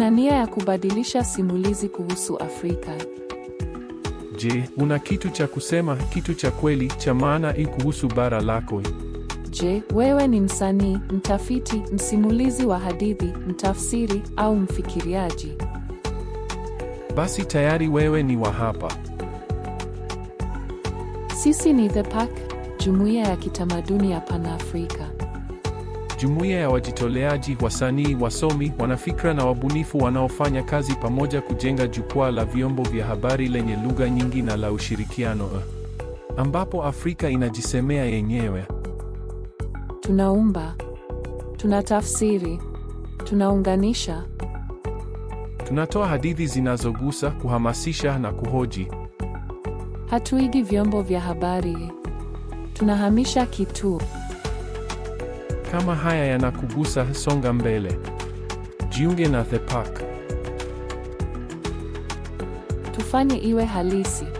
Una nia ya kubadilisha simulizi kuhusu Afrika. Je, una kitu cha kusema, kitu cha kweli cha maana i kuhusu bara lako? Je, wewe ni msanii, mtafiti, msimulizi wa hadithi, mtafsiri au mfikiriaji? Basi tayari wewe ni wa hapa. Sisi ni The Pack, jumuiya ya kitamaduni ya Pan-Afrika jumuiya ya wajitoleaji, wasanii, wasomi, wanafikra na wabunifu wanaofanya kazi pamoja kujenga jukwaa la vyombo vya habari lenye lugha nyingi na la ushirikiano, eh, ambapo Afrika inajisemea yenyewe. Tunaumba, tunatafsiri, tunaunganisha, tunatoa hadithi zinazogusa, kuhamasisha na kuhoji. Hatuigi vyombo vya habari, tunahamisha kituo. Kama haya yanakugusa, songa mbele, jiunge na The Pack, tufanye iwe halisi.